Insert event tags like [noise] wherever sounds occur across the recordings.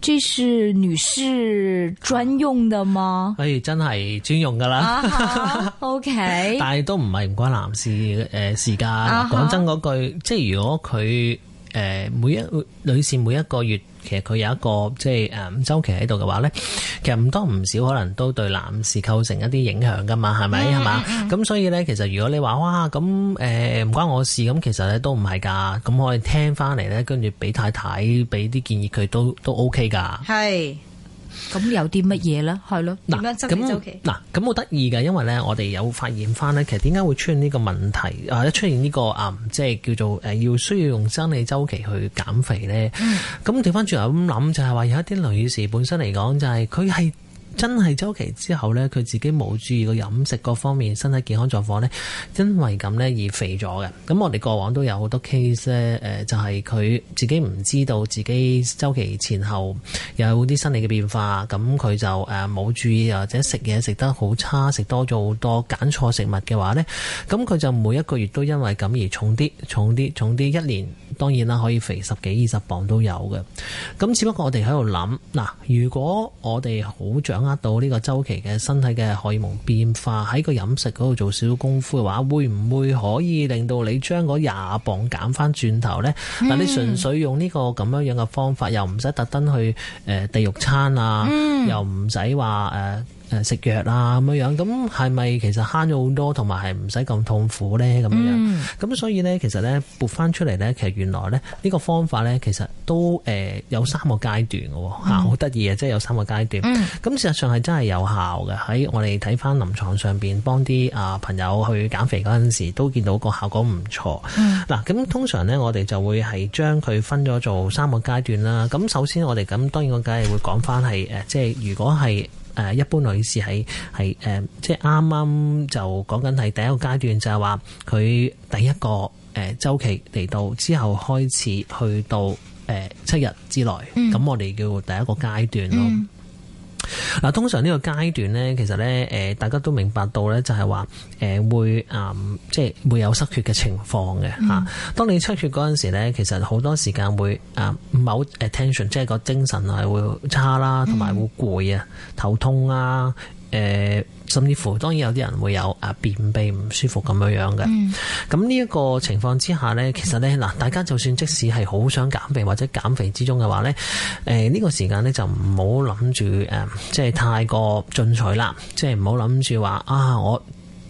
這是女士專用的嗎？誒、哎，真係專用噶啦。Uh、huh, OK， [laughs] 但係都唔係唔關男士誒事噶。講、呃 uh huh. 真嗰句，即係如果佢。誒，每一女士每一個月，其實佢有一個即係誒周期喺度嘅話咧，其實唔多唔少可能都對男士構成一啲影響噶嘛，係咪係嘛？咁、yeah, yeah , yeah. 所以咧，其實如果你話哇，咁誒唔關我事，咁其實咧都唔係噶，咁我哋聽翻嚟咧，跟住俾太太俾啲建議佢都都 OK 噶。係。咁有啲乜嘢咧？係咯，點樣生理週期？嗱，咁好得意嘅，因為咧，我哋有發現翻咧，其實點解會出現呢個問題啊？出現呢、這個啊、嗯，即係叫做誒，要、呃、需要用生理週期去減肥咧？咁調翻轉頭咁諗，就係、是、話有一啲女士本身嚟講、就是，就係佢係。真係週期之後呢，佢自己冇注意個飲食，各方面身體健康狀況呢，因為咁呢而肥咗嘅。咁我哋過往都有好多 case 誒、呃，就係、是、佢自己唔知道自己週期前後有啲生理嘅變化，咁佢就誒冇、呃、注意，或者食嘢食得好差，食多咗好多，揀錯食物嘅話呢，咁佢就每一個月都因為咁而重啲重啲重啲一年。當然啦，可以肥十幾二十磅都有嘅。咁只不過我哋喺度諗，嗱，如果我哋好掌握到呢個週期嘅身體嘅荷爾蒙變化，喺個飲食嗰度做少少功夫嘅話，會唔會可以令到你將嗰廿磅減翻轉頭呢？嗱、嗯，你純粹用呢個咁樣樣嘅方法，又唔使特登去誒地獄餐啊，嗯、又唔使話誒。呃誒、呃，食藥啦、啊，咁樣樣咁係咪其實慳咗好多，同埋係唔使咁痛苦咧？咁樣咁，所以咧，其實咧撥翻出嚟咧，其實原來咧呢、這個方法咧，其實都誒有三個階段嘅吓、哦，嗯、好得意啊！即、就、係、是、有三個階段，咁事、嗯、實上係真係有效嘅。喺我哋睇翻臨床上邊，幫啲啊朋友去減肥嗰陣時，都見到個效果唔錯。嗱、嗯，咁、啊、通常咧，我哋就會係將佢分咗做三個階段啦。咁首先，我哋咁，當然我梗係會講翻係誒、即、就、係、是、如果係。誒、呃、一般女士喺，係誒、呃，即係啱啱就講緊係第一個階段，就係話佢第一個誒週、呃、期嚟到之後開始去到誒、呃、七日之內，咁、嗯、我哋叫第一個階段咯。嗯嗯嗱，通常呢個階段咧，其實咧，誒，大家都明白到咧，就係話，誒，會啊，即係會有失血嘅情況嘅吓。嗯、當你出血嗰陣時咧，其實好多時間會啊，冇、呃、attention，即係個精神係會差啦，同埋會攰啊，頭痛啊。誒、呃，甚至乎，當然有啲人會有啊，便秘唔舒服咁樣樣嘅。咁呢一個情況之下呢，其實呢，嗱，大家就算即使係好想減肥或者減肥之中嘅話呢，誒、呃、呢、呢個時間呢，就唔好諗住誒，即係太過進取啦，即係唔好諗住話啊，我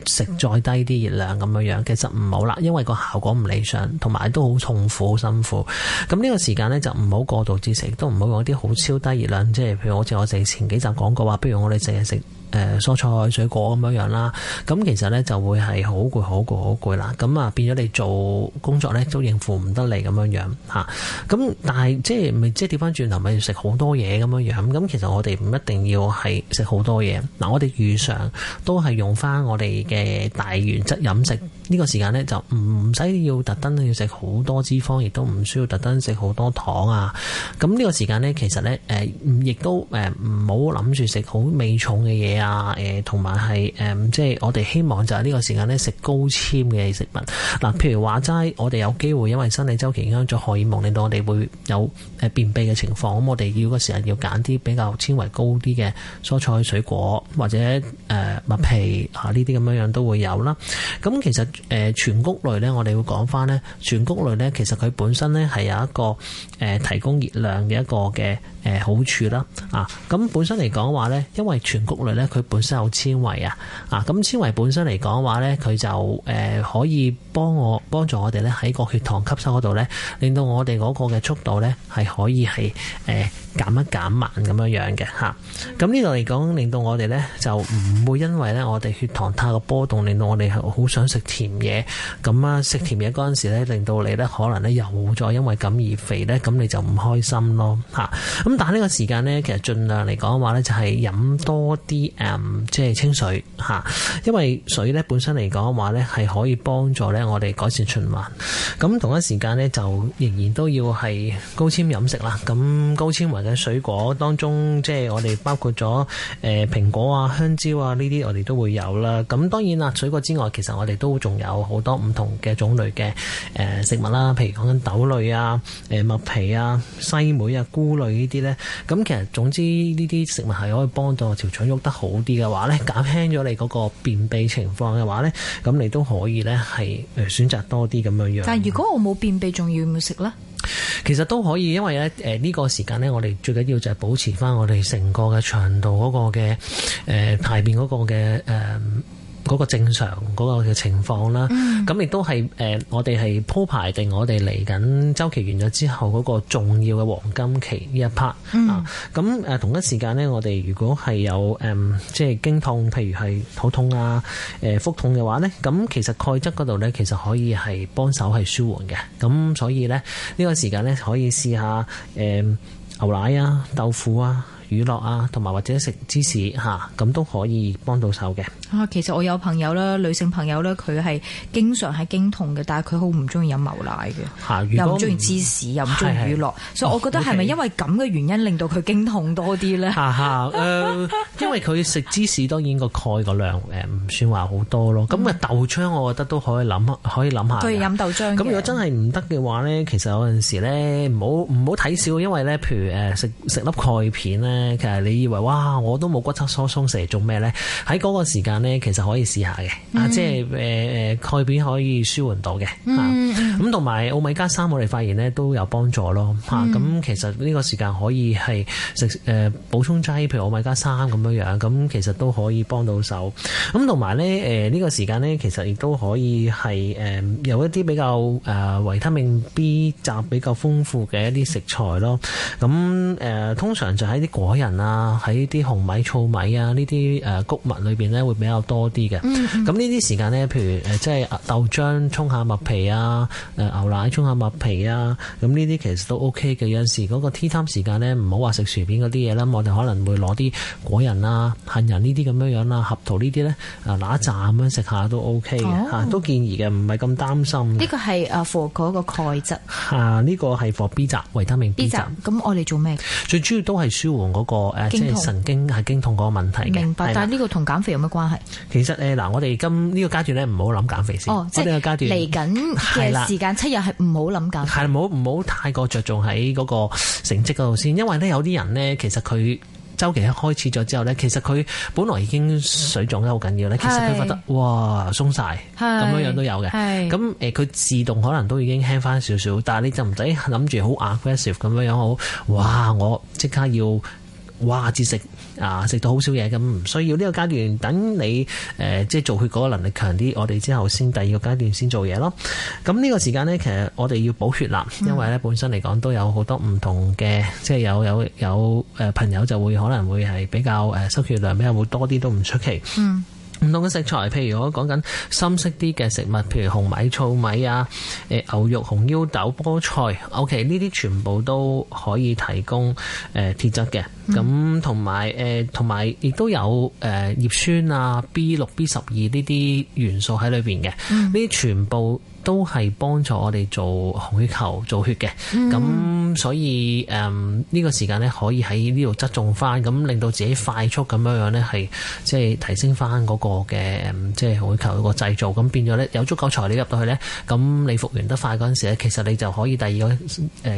食再低啲熱量咁樣樣，其實唔好啦，因為個效果唔理想，同埋都好痛苦、好辛苦。咁呢個時間呢，就唔好過度節食，都唔好用啲好超低熱量，即係譬如好似我哋前幾集講過話，不如我哋成日食。誒、呃、蔬菜水果咁樣樣啦，咁其實呢就會係好攰好攰好攰啦，咁啊變咗你做工作呢都應付唔得嚟咁樣樣嚇，咁但係即係咪即係調翻轉頭咪要食好多嘢咁樣樣咁？其實我哋唔一定要係食好多嘢嗱，我哋遇上都係用翻我哋嘅大原則飲食。呢個時間咧就唔使要特登要食好多脂肪，亦都唔需要特登食好多糖啊！咁、這、呢個時間呢，其實呢，誒、呃，亦都誒唔好諗住食好味重嘅嘢啊！誒同埋係誒，即係我哋希望就係呢個時間呢，食高纖嘅食物。嗱、呃，譬如話齋，我哋有機會因為生理週期影響咗荷爾蒙，令到我哋會有誒便秘嘅情況，咁、嗯、我哋要個時間要揀啲比較纖維高啲嘅蔬菜水果或者誒。呃麥皮啊，呢啲咁樣樣都會有啦。咁、嗯、其實誒全穀類咧，我哋會講返咧，全穀類咧，其實佢本身咧係有一個誒、呃、提供熱量嘅一個嘅誒好處啦。啊，咁、嗯、本身嚟講話咧，因為全穀類咧，佢本身有纖維啊。啊，咁、嗯、纖維本身嚟講話咧，佢就誒、呃、可以幫我幫助我哋咧喺個血糖吸收嗰度咧，令到我哋嗰個嘅速度咧係可以係誒。呃減一減慢咁樣樣嘅嚇，咁呢度嚟講，令到我哋呢就唔會因為呢我哋血糖太過波動，令到我哋好想食甜嘢，咁啊食甜嘢嗰陣時呢，令到你呢可能呢又再因為咁而肥呢，咁你就唔開心咯嚇。咁但係呢個時間呢，其實盡量嚟講話呢，就係飲多啲即係清水嚇，因為水呢本身嚟講話呢，係可以幫助呢我哋改善循環。咁同一時間呢，就仍然都要係高纖飲食啦，咁高纖維。嘅水果當中，即係我哋包括咗誒蘋果啊、香蕉啊呢啲，我哋都會有啦。咁當然啦，水果之外，其實我哋都仲有好多唔同嘅種類嘅誒、呃、食物啦，譬如講緊豆類啊、誒麥皮啊、西梅啊、菇類呢啲咧。咁其實總之呢啲食物係可以幫到條腸喐得好啲嘅話咧，減輕咗你嗰個便秘情況嘅話咧，咁你都可以咧係誒選擇多啲咁樣樣。但如果我冇便秘，仲要唔要食咧？其實都可以，因為咧，誒、呃、呢、這個時間呢，我哋最緊要就係保持翻我哋成個嘅腸道嗰個嘅，誒、呃、排便嗰個嘅，誒、呃。嗰個正常嗰個嘅情況啦，咁亦、嗯、都係誒、呃、我哋係鋪排定我哋嚟緊週期完咗之後嗰個重要嘅黃金期呢一 part、嗯、啊，咁誒、呃、同一時間呢，我哋如果係有誒即係經痛，譬如係肚痛啊、誒、呃、腹痛嘅話呢，咁其實鈣質嗰度呢，其實可以係幫手係舒緩嘅，咁所以呢，呢、呢個時間呢，可以試下誒、呃、牛奶啊、豆腐啊。乳酪啊，同埋或者食芝士吓，咁、啊、都可以幫到手嘅。啊，其實我有朋友啦，女性朋友咧，佢係經常係經痛嘅，但係佢好唔中意飲牛奶嘅，啊、又唔中意芝士，的又唔中意乳酪，的所以我覺得係咪、哦 okay、因為咁嘅原因令到佢經痛多啲咧？嚇嚇誒，啊呃、 [laughs] 因為佢食芝士當然個鈣個量誒唔算話好多咯。咁啊、嗯、豆漿，我覺得都可以諗，可以諗下。佢飲豆漿。咁如果真係唔得嘅話咧，其實有陣時咧唔好唔好睇少，因為咧譬如誒食食粒鈣片咧。其實你以為哇，我都冇骨質疏鬆食嚟做咩咧？喺嗰個時間咧，其實可以試下嘅，啊、嗯，即係誒誒，鈣、呃、片可以舒緩到嘅，啊、嗯，咁同埋奧米加三，我哋發現咧都有幫助咯，嚇、嗯，咁、啊、其實呢個時間可以係食誒補充劑，譬如奧米加三咁樣樣，咁其實都可以幫到手。咁同埋咧，誒、呃、呢、這個時間咧，其實亦都可以係誒、呃、有一啲比較誒、呃、維他命 B 集比較豐富嘅一啲食材咯。咁、呃、誒通常就喺啲果仁啊，喺啲紅米、糙米啊呢啲誒穀物裏邊咧會比較多啲嘅。咁呢啲時間咧，譬如誒即係豆漿沖下麥皮啊，誒牛奶沖下麥皮啊，咁呢啲其實都 OK 嘅。有陣時嗰個 tea time 時間咧，唔好話食薯片嗰啲嘢啦，我哋可能會攞啲果仁啊、杏仁呢啲咁樣樣啦、合桃呢啲咧，啊拿一紮咁樣食下都 OK 嘅，嚇都建議嘅，唔係咁擔心。呢個係誒補嗰個鈣質嚇，呢、啊這個係補 B 雜維他命 B 雜泡。咁我哋做咩？最主要都係舒緩嗰個誒，即係神經系經痛嗰個問題嘅，明白？但係呢個同減肥有乜關係？其實咧，嗱，我哋今呢個階段咧，唔好諗減肥先。哦，即係嚟緊嘅時間七日係唔好諗減肥，係冇唔好太過着重喺嗰個成績嗰度先，因為咧有啲人咧，其實佢周期一開始咗之後咧，其實佢本來已經水腫得好緊要咧，其實佢覺得哇鬆晒，咁樣樣都有嘅。咁誒，佢自動可能都已經輕返少少，但係你就唔使諗住好 aggressive 咁樣樣好，哇！我即刻要。哇！節食啊，食到好少嘢咁，唔需要呢個階段。等你誒、呃，即係做血嗰個能力強啲，我哋之後先第二個階段先做嘢咯。咁呢個時間呢，其實我哋要補血啦，因為呢本身嚟講都有好多唔同嘅，即係有有有誒、呃、朋友就會可能會係比較誒收血量比較會多啲都唔出奇。嗯。唔同嘅食材，譬如我講緊深色啲嘅食物，譬如紅米、糙米啊，誒牛肉、紅腰豆、菠菜，OK，呢啲全部都可以提供誒、呃、鐵質嘅。咁同埋誒，同埋亦都有誒、呃、葉酸啊、B 六、B 十二呢啲元素喺裏邊嘅，呢啲、嗯、全部。都係幫助我哋做紅血球、做血嘅，咁、嗯、所以誒呢、嗯、這個時間咧，可以喺呢度側重翻，咁令到自己快速咁樣樣咧，係即係提升翻、那、嗰個嘅、嗯、即係紅血球個製造，咁變咗咧有足夠材料入到去咧，咁你復原得快嗰陣時咧，其實你就可以第二個誒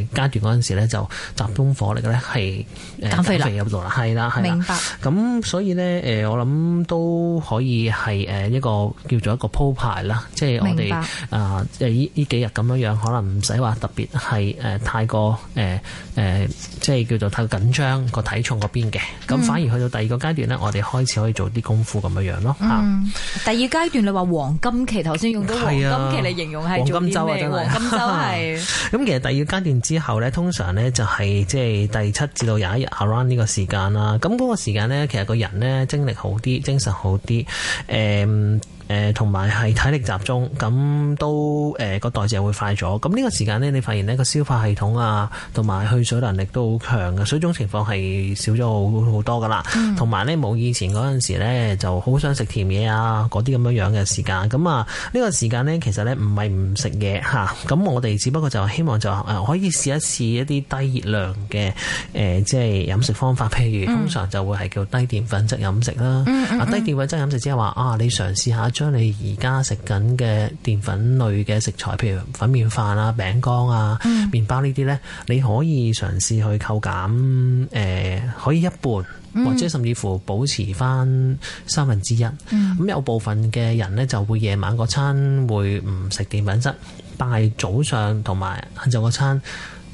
階段嗰陣時咧，就集中火力咧係減肥啦，肥入到啦，係啦，明白。咁所以咧誒、呃，我諗都可以係誒一個叫做一個鋪排啦，即係我哋啊。即係呢，呢幾日咁樣樣，可能唔使話特別係誒太過誒誒，即係叫做太過緊張個體重嗰邊嘅。咁、嗯、反而去到第二個階段咧，嗯、我哋開始可以做啲功夫咁樣樣咯。吓、嗯，第二階段你話黃金期，頭先用到黃金期嚟，啊、形容係做啲咩？黃金周係、啊。咁 [laughs] 其實第二階段之後咧，通常咧就係即係第七至到廿一日 around 呢個時間啦。咁嗰個時間咧，其實個人咧精力好啲，精神好啲。誒、嗯。誒，同埋係體力集中，咁都誒個代謝會快咗。咁呢個時間呢，你發現呢個消化系統啊，同埋去水能力都好強嘅，水腫情況係少咗好好多噶啦。同埋呢，冇以前嗰陣時呢，就好想食甜嘢啊，嗰啲咁樣樣嘅時間。咁啊，呢個時間呢，其實呢，唔係唔食嘢吓，咁我哋只不過就希望就可以試一試一啲低熱量嘅誒，即係飲食方法，譬如通常就會係叫低澱粉質飲食啦。嗯、低澱粉質飲食即係話啊，你嘗試下將你而家食緊嘅澱粉類嘅食材，譬如粉麵飯啊、餅乾啊、麪、嗯、包呢啲咧，你可以嘗試去扣減，誒、呃、可以一半，或者甚至乎保持返三分之一。咁、嗯、有部分嘅人咧就會夜晚嗰餐會唔食澱粉質，但係早上同埋晏晝嗰餐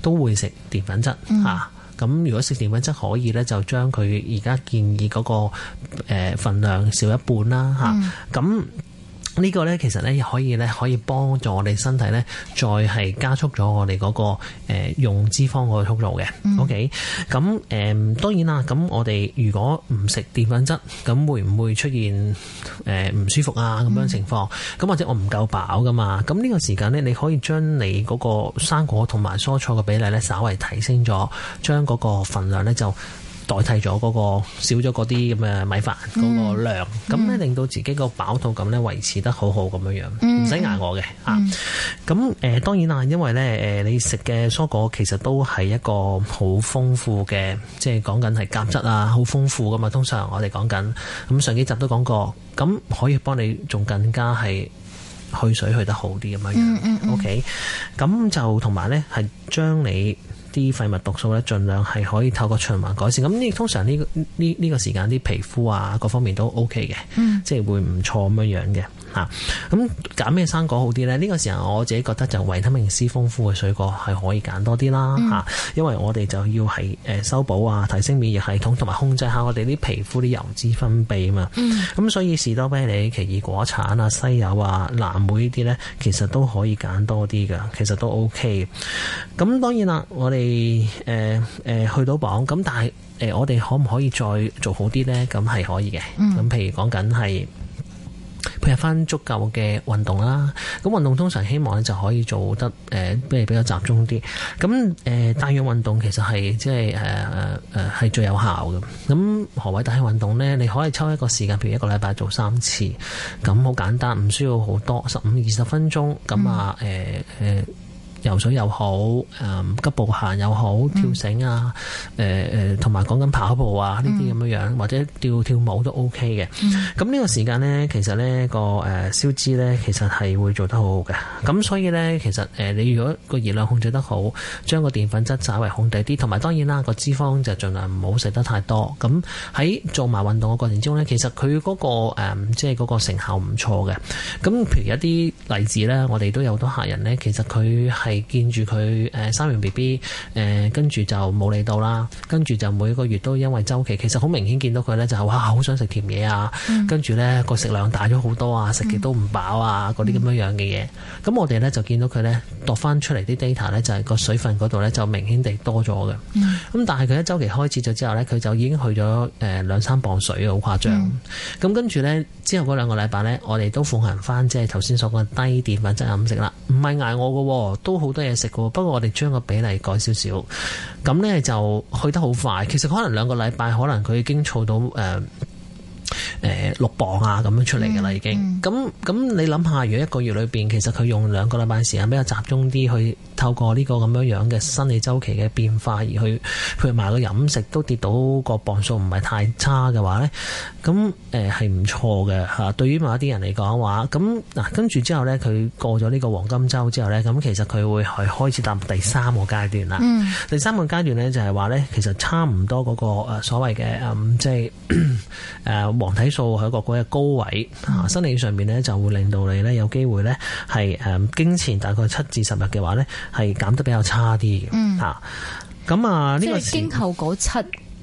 都會食澱粉質嚇。嗯。咁如果食澱粉質可以咧，就將佢而家建議嗰個誒份量少一半啦吓，咁、嗯。呢個呢，其實呢，可以呢，可以幫助我哋身體呢，再係加速咗我哋嗰、嗰個、呃、用脂肪嗰個速度嘅。嗯、OK，咁誒、呃、當然啦，咁我哋如果唔食澱粉質，咁會唔會出現誒唔、呃、舒服啊咁樣情況？咁、嗯、或者我唔夠飽㗎嘛？咁呢個時間呢，你可以將你嗰個生果同埋蔬菜嘅比例呢，稍微提升咗，將嗰個份量呢就。代替咗嗰、那個少咗嗰啲咁嘅米飯嗰、嗯、個量，咁咧、嗯、令到自己個飽肚感咧維持得好好咁樣樣，唔使捱餓嘅、嗯、啊。咁誒、呃、當然啦，因為咧誒你食嘅蔬果其實都係一個好豐富嘅，即係講緊係鉀質啊，好豐富噶嘛。通常我哋講緊，咁上幾集都講過，咁可以幫你仲更加係去水去得好啲咁樣樣。OK，咁就同埋咧係將你。啲廢物毒素咧，盡量係可以透過循環改善。咁呢通常呢呢呢個時間啲皮膚啊，各方面都 OK 嘅，嗯、即係會唔錯咁樣樣嘅。嚇咁揀咩生果好啲呢？呢、這個時候我自己覺得就維他命 C 豐富嘅水果係可以揀多啲啦嚇、嗯啊，因為我哋就要係誒、呃、修補啊、提升免疫系統，同埋控制下我哋啲皮膚啲油脂分泌啊嘛。咁、嗯啊、所以士多啤梨、奇異果、橙啊、西柚啊、藍莓呢啲呢，其實都可以揀多啲㗎，其實都 OK。咁當然啦，我哋誒誒去到榜咁，但係誒、呃、我哋可唔可以再做好啲呢？咁係可以嘅。咁譬、嗯、如講緊係。配合翻足夠嘅運動啦，咁運動通常希望咧就可以做得誒，即比較集中啲。咁誒帶氧運動其實係即係誒誒誒係最有效嘅。咁、呃、何謂帶氧運動咧？你可以抽一個時間，譬如一個禮拜做三次，咁、呃、好簡單，唔需要好多，十五二十分鐘，咁啊誒誒。呃呃游水又好，誒急步行又好，嗯、跳繩啊，誒誒同埋講緊跑步啊，呢啲咁樣樣，嗯、或者跳跳舞都 O K 嘅。咁呢、嗯、個時間呢，其實呢個誒消脂呢，其實係會做得好好嘅。咁、嗯、所以呢，其實誒你如果個熱量控制得好，將個澱粉質稍微控制啲，同埋當然啦，個脂肪就儘量唔好食得太多。咁喺做埋運動嘅過程中呢，其實佢嗰個、誒即係嗰個成效唔錯嘅。咁譬如一啲例子呢，我哋都有好多客人呢，其實佢係。係見住佢誒生完 B B 誒，跟住就冇理到啦。跟住就每個月都因為週期，其實好明顯見到佢咧，就係哇，好想食甜嘢啊。跟住咧個食量大咗好多啊，食極都唔飽啊，嗰啲咁樣樣嘅嘢。咁、嗯、我哋咧就見到佢咧，度翻出嚟啲 data 咧，就係個水分嗰度咧就明顯地多咗嘅。咁、嗯、但係佢一週期開始咗之後咧，佢就已經去咗誒兩三磅水，好誇張。咁、嗯、跟住咧之後嗰兩個禮拜咧，我哋都奉行翻即係頭先所講低澱粉質飲食啦，唔係捱餓嘅都。好多嘢食嘅，不過我哋將個比例改少少，咁咧就去得好快。其實可能兩個禮拜，可能佢已經燥到誒。呃誒、呃，六磅啊，咁樣出嚟嘅啦，已經咁咁，嗯、你諗下，如果一個月裏邊，其實佢用兩個禮拜時間比較集中啲，去透過呢個咁樣樣嘅生理周期嘅變化，而去配合埋個飲食，都跌到個磅數唔係太差嘅話呢，咁誒係唔錯嘅吓。對於某一啲人嚟講話，咁嗱，跟、啊、住之後呢，佢過咗呢個黃金周之後呢，咁其實佢會係開始踏入第三個階段啦。嗯、第三個階段呢，就係話呢，其實差唔多嗰個所謂嘅、嗯、即係誒。呃呃黃體素喺個嗰個高位，生理、嗯、上面咧就會令到你咧有機會咧係誒經前大概七至十日嘅話咧係減得比較差啲，吓咁、嗯、啊呢個經後嗰七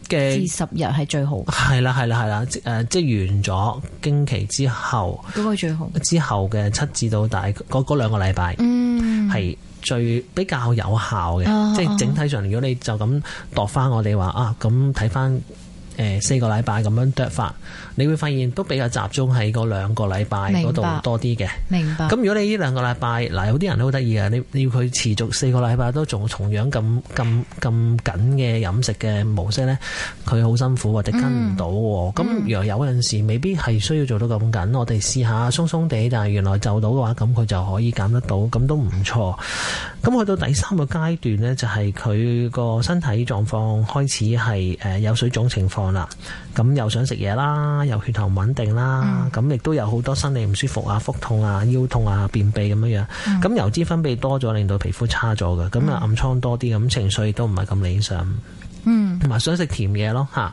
至十日係最好，係啦係啦係啦，誒即係完咗經期之後嗰個最好，之後嘅七至到大嗰嗰兩個禮拜，嗯係最比較有效嘅，哦哦、即係整體上、哦哦、如果你就咁度翻我哋話啊咁睇翻。啊啊誒四個禮拜咁樣剁法，你會發現都比較集中喺嗰兩個禮拜度多啲嘅。明白。咁如果你呢兩個禮拜，嗱，有啲人都好得意啊，你要佢持續四個禮拜都做同樣咁咁咁緊嘅飲食嘅模式咧，佢好辛苦或者跟唔到喎。咁如果、嗯、有陣時未必係需要做到咁緊，嗯、我哋試下鬆鬆哋，但係原來就到嘅話，咁佢就可以減得到，咁都唔錯。咁去到第三個階段咧，就係佢個身體狀況開始係誒有水腫情況。啦，咁又想食嘢啦，又血糖穩定啦，咁亦都有好多身體唔舒服啊，腹痛啊，腰痛啊，便秘咁樣樣，咁、嗯、油脂分泌多咗，令到皮膚差咗嘅，咁啊、嗯、暗瘡多啲，咁情緒亦都唔係咁理想，嗯，同埋想食甜嘢咯吓，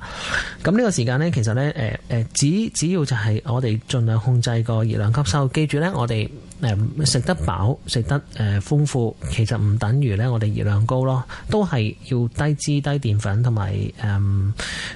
咁、啊、呢個時間呢，其實呢，誒誒，只只要就係我哋盡量控制個熱量吸收，記住呢，我哋。誒食得飽食得誒、呃、豐富，其實唔等於咧我哋熱量高咯，都係要低脂低澱粉同埋誒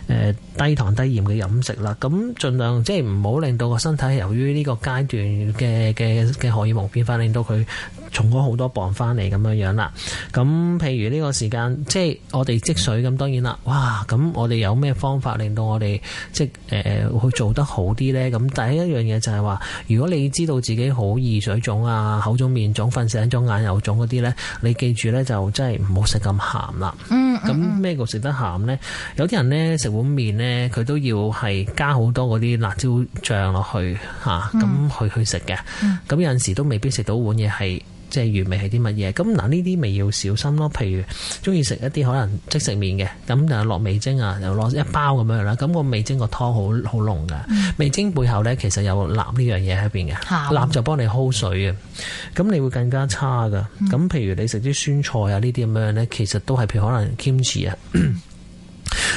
誒低糖低鹽嘅飲食啦。咁、嗯、盡量即係唔好令到個身體由於呢個階段嘅嘅嘅荷爾蒙變化，令到佢重咗好多磅翻嚟咁樣樣啦。咁、嗯、譬如呢個時間即係我哋積水咁，當然啦，哇！咁、嗯嗯嗯、我哋有咩方法令到我哋即係誒去做得好啲呢？咁、嗯、第一樣嘢就係、是、話，如果你知道自己好易水腫啊，口腫、面腫、瞓醒腫眼又腫嗰啲呢，你記住呢就真係唔好食咁鹹啦。嗯，咁咩叫食得鹹呢？有啲人呢，食碗麵呢，佢都要係加好多嗰啲辣椒醬落去吓，咁、嗯、去去食嘅。咁、嗯、有陣時都未必食到碗嘢係。即係魚味係啲乜嘢？咁嗱，呢啲咪要小心咯。譬如中意食一啲可能即食麵嘅，咁就落味精啊，又落一包咁樣啦。咁個味精個湯好好濃噶。味精背後咧，其實有鈉呢樣嘢喺邊嘅。鈉、嗯、就幫你 hold 水啊。咁、嗯、你會更加差噶。咁、嗯、譬如你食啲酸菜啊呢啲咁樣咧，其實都係譬如可能 kimchi 啊。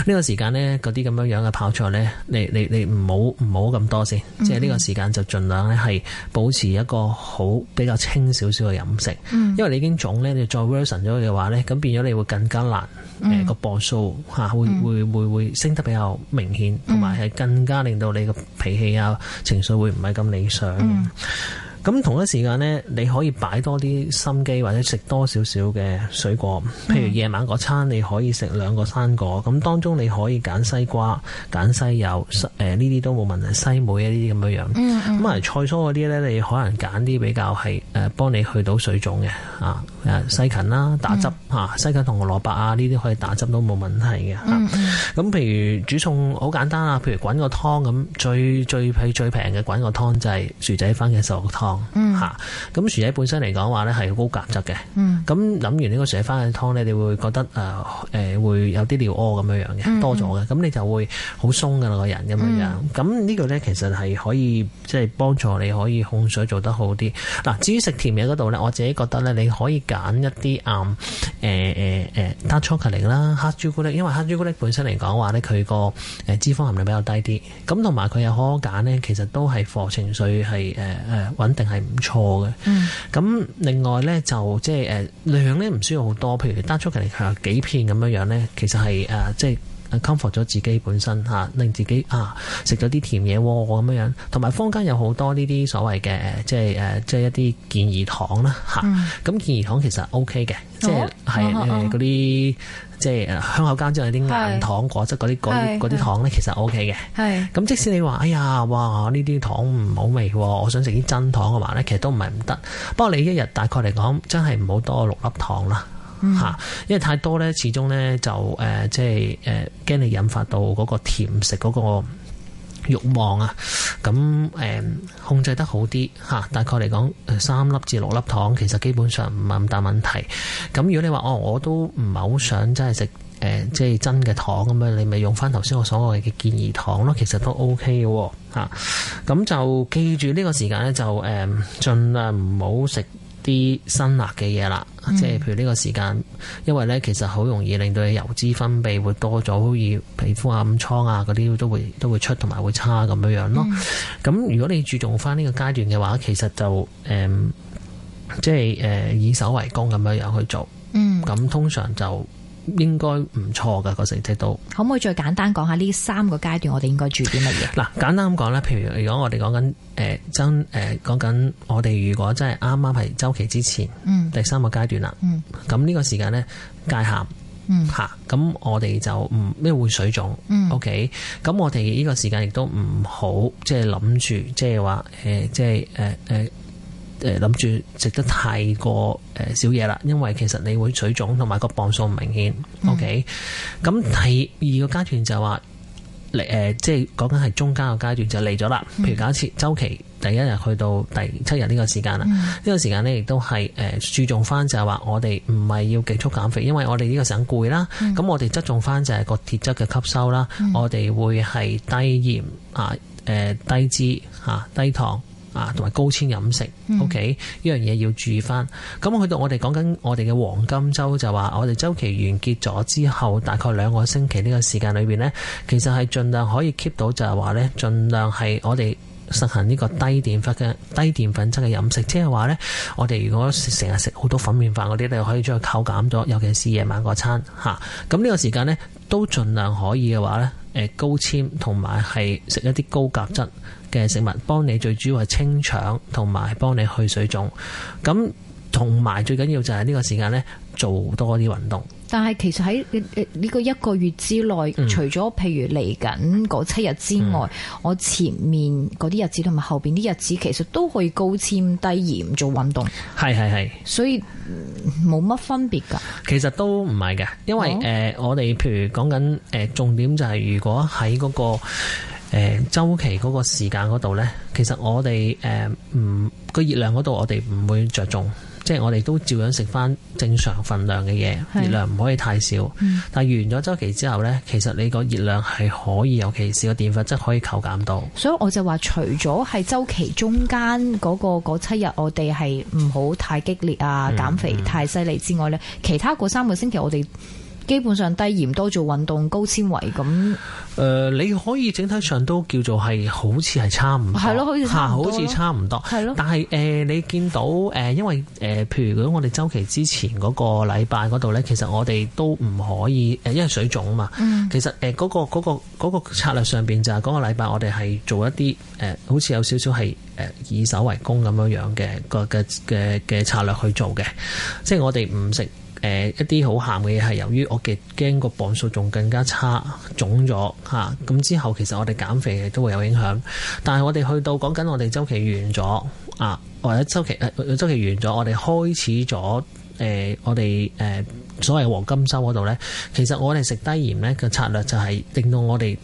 呢個時間呢，嗰啲咁樣樣嘅泡菜呢，你你你唔好唔好咁多先，嗯、即係呢個時間就盡量咧係保持一個好比較輕少少嘅飲食，嗯、因為你已經腫呢，你再 worsen 咗嘅話呢，咁變咗你會更加難，誒個磅數吓會、嗯、會會會，會升得比較明顯，同埋係更加令到你個脾氣啊情緒會唔係咁理想。嗯嗯咁同一時間呢，你可以擺多啲心機，或者食多少少嘅水果。譬如夜晚嗰餐，你可以食兩個生果。咁、嗯、當中你可以揀西瓜、揀西柚，誒呢啲都冇問題。西梅呢啲咁樣樣。咁啊、嗯嗯、菜蔬嗰啲呢，你可能揀啲比較係誒、呃、幫你去到水腫嘅嚇西芹啦、啊，打汁嚇、嗯啊、西芹同蘿蔔啊，呢啲可以打汁都冇問題嘅咁、啊嗯嗯、譬如煮餸好簡單啊，譬如滾個湯咁，最最平最平嘅滾個湯就係薯仔番茄瘦肉湯。嗯，吓、啊，咁薯仔本身嚟講話咧係好高鉀質嘅，咁諗、嗯、完呢個薯仔翻去湯咧，你會覺得誒誒、呃呃、會有啲尿屙咁樣樣嘅，嗯、多咗嘅，咁你就會好鬆噶啦個人咁樣樣，咁、嗯、呢個咧其實係可以即係、就是、幫助你可以控水做得好啲。嗱、啊，至於食甜嘢嗰度咧，我自己覺得咧你可以揀一啲啊誒誒誒 dark chocolate 啦，黑朱古力，因為黑朱古力本身嚟講話咧佢個誒脂肪含量比較低啲，咁同埋佢又可揀咧，其實都係助情緒係誒誒定係唔錯嘅，咁、嗯、另外咧就即係誒量咧唔需要好多，譬如單出嚟有幾片咁樣樣咧，其實係誒即係。呃就是 comfort 咗自己本身嚇，令自己啊食咗啲甜嘢喎咁樣樣，同、啊、埋坊間有好多呢啲所謂嘅即係誒，即係一啲健怡糖啦嚇。咁健怡糖其實 O K 嘅，即係係嗰啲即係香口膠樽嗰啲硬糖、果汁嗰啲啲糖咧，其實 O K 嘅。係咁是，即使你話是哎呀哇呢啲糖唔好味喎，我想食啲真糖嘅話咧，其實都唔係唔得。不過你一日大概嚟講，真係唔好多六粒糖啦。吓，因為太多咧，始終咧就誒、呃，即係誒，驚、呃、你引發到嗰個甜食嗰、那個欲望啊。咁、呃、誒，控制得好啲吓、啊，大概嚟講、呃、三粒至六粒糖，其實基本上唔係咁大問題。咁、啊、如果你話哦，我都唔係好想真係食誒，即係真嘅糖咁樣，你咪用翻頭先我所謂嘅建議糖咯，其實都 OK 嘅吓。咁、啊啊、就記住呢個時間咧，就、呃、誒，盡量唔好食。啲辛辣嘅嘢啦，即係譬如呢個時間，因為呢其實好容易令到你油脂分泌會多咗，好似皮膚暗瘡啊嗰啲都會都會出，同埋會差咁樣樣咯。咁、嗯、如果你注重翻呢個階段嘅話，其實就誒、呃，即係誒、呃、以守為攻咁樣樣去做。嗯，咁通常就。應該唔錯噶，個成績都。可唔可以再簡單講下呢三個階段我，我哋應該注意啲乜嘢？嗱，簡單咁講咧，譬如如果我哋講緊誒，真，誒講緊我哋如果真係啱啱係周期之前，嗯，第三個階段啦，嗯，咁呢個時間咧界限，嗯，吓、啊，咁我哋就唔咩會水腫，OK，咁我哋呢個時間亦都唔好，即係諗住，即係話，誒、呃，即係，誒、呃，誒、呃。誒諗住食得太過誒少嘢啦，因為其實你會水腫同埋個磅數唔明顯。嗯、OK，咁第二個階段就係話嚟誒，即係講緊係中間個階段就嚟咗啦。嗯、譬如假設週期第一日去到第七日呢個時間啦，呢、嗯、個時間咧亦都係誒注重翻就係話我哋唔係要極速減肥，因為我哋呢個省攰啦。咁、嗯、我哋側重翻就係個鐵質嘅吸收啦，嗯、我哋會係低鹽啊、誒、呃、低脂嚇、低糖、低糖.啊，同埋高纖飲食、嗯、OK，呢樣嘢要注意翻。咁去到我哋講緊我哋嘅黃金周，就話，我哋週期完結咗之後，大概兩個星期呢個時間裏邊呢，其實係儘量可以 keep 到就係話呢，儘量係我哋實行呢個低澱粉嘅低澱粉質嘅飲食，即係話呢，我哋如果成日食好多粉麵飯嗰啲你可以將佢扣減咗，尤其是夜晚嗰餐嚇。咁、啊、呢個時間呢，都儘量可以嘅話呢。高纖同埋係食一啲高鉀質嘅食物，幫你最主要係清腸同埋幫你去水腫。咁同埋最緊要就係呢個時間呢，做多啲運動。但係其實喺呢個一個月之內，嗯、除咗譬如嚟緊嗰七日之外，嗯、我前面嗰啲日子同埋後邊啲日子，其實都可以高纖低鹽做運動。係係係，所以冇乜分別噶。其實都唔係嘅，因為誒、哦呃，我哋譬如講緊誒，重點就係如果喺嗰、那個誒週、呃、期嗰個時間嗰度呢，其實我哋誒唔個熱量嗰度，我哋唔會着重。即係我哋都照樣食翻正常份量嘅嘢，熱是量唔可以太少。嗯、但係完咗周期之後呢，其實你個熱量係可以有，尤其係個澱粉質可以扣減到。所以我就話，除咗係周期中間嗰、嗰個嗰七日，我哋係唔好太激烈啊，減肥太犀利之外呢，嗯嗯其他嗰三個星期我哋。基本上低鹽，都做運動、高纖維咁，誒、呃、你可以整體上都叫做係好似係差唔，係咯，好似差唔多，係咯。的但係誒、呃、你見到誒，因為誒，譬如我哋週期之前嗰個禮拜嗰度咧，其實我哋都唔可以誒，因為水腫啊嘛。嗯、其實誒、那、嗰個嗰、那個那個、策略上邊就係嗰個禮拜我哋係做一啲誒、呃，好似有少少係誒以守為攻咁樣樣嘅嘅嘅嘅策略去做嘅，即係我哋唔食。誒、呃、一啲好鹹嘅嘢係由於我嘅驚個磅數仲更加差，腫咗嚇。咁、啊、之後其實我哋減肥都會有影響，但係我哋去到講緊我哋週期完咗啊，或者週期誒、呃、週期完咗，我哋開始咗誒、呃、我哋誒、呃、所謂黃金週嗰度呢，其實我哋食低鹽呢嘅策略就係令到我哋。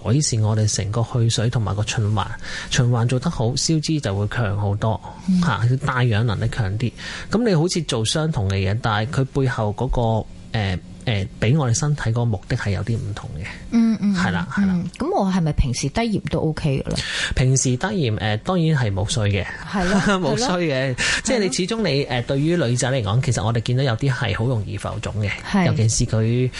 改善我哋成個去水同埋個循環，循環做得好，燒脂就會強好多，吓、嗯，帶氧能力強啲。咁你好似做相同嘅嘢，但係佢背後嗰、嗰個誒誒，俾、呃呃、我哋身體嗰個目的係有啲唔同嘅。嗯係啦，係啦。咁我係咪平時低鹽都 OK 噶啦？平時低鹽，誒、呃，當然係冇衰嘅，係咯的，冇衰嘅。的即係你始終你誒，對於女仔嚟講，其實我哋見到有啲係好容易浮腫嘅，的尤其是佢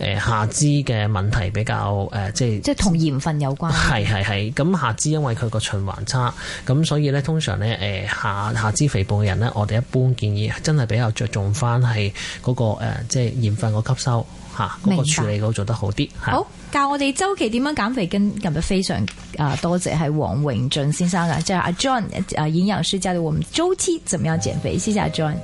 誒下肢嘅問題比較誒，呃、即係即係同鹽分有關。係係係。咁下肢因為佢個循環差，咁所以咧通常咧，誒下下肢肥胖嘅人咧，我哋一般建議真係比較着重翻係嗰個誒，即係鹽分個吸收。吓，嗰、啊那個處理都做得好啲。白是好，教我哋周期點樣減肥，跟今日非常啊多謝係黃榮俊先生啦，即係阿 John 啊營養師教咗我們周期怎麼樣減肥，謝謝阿 John。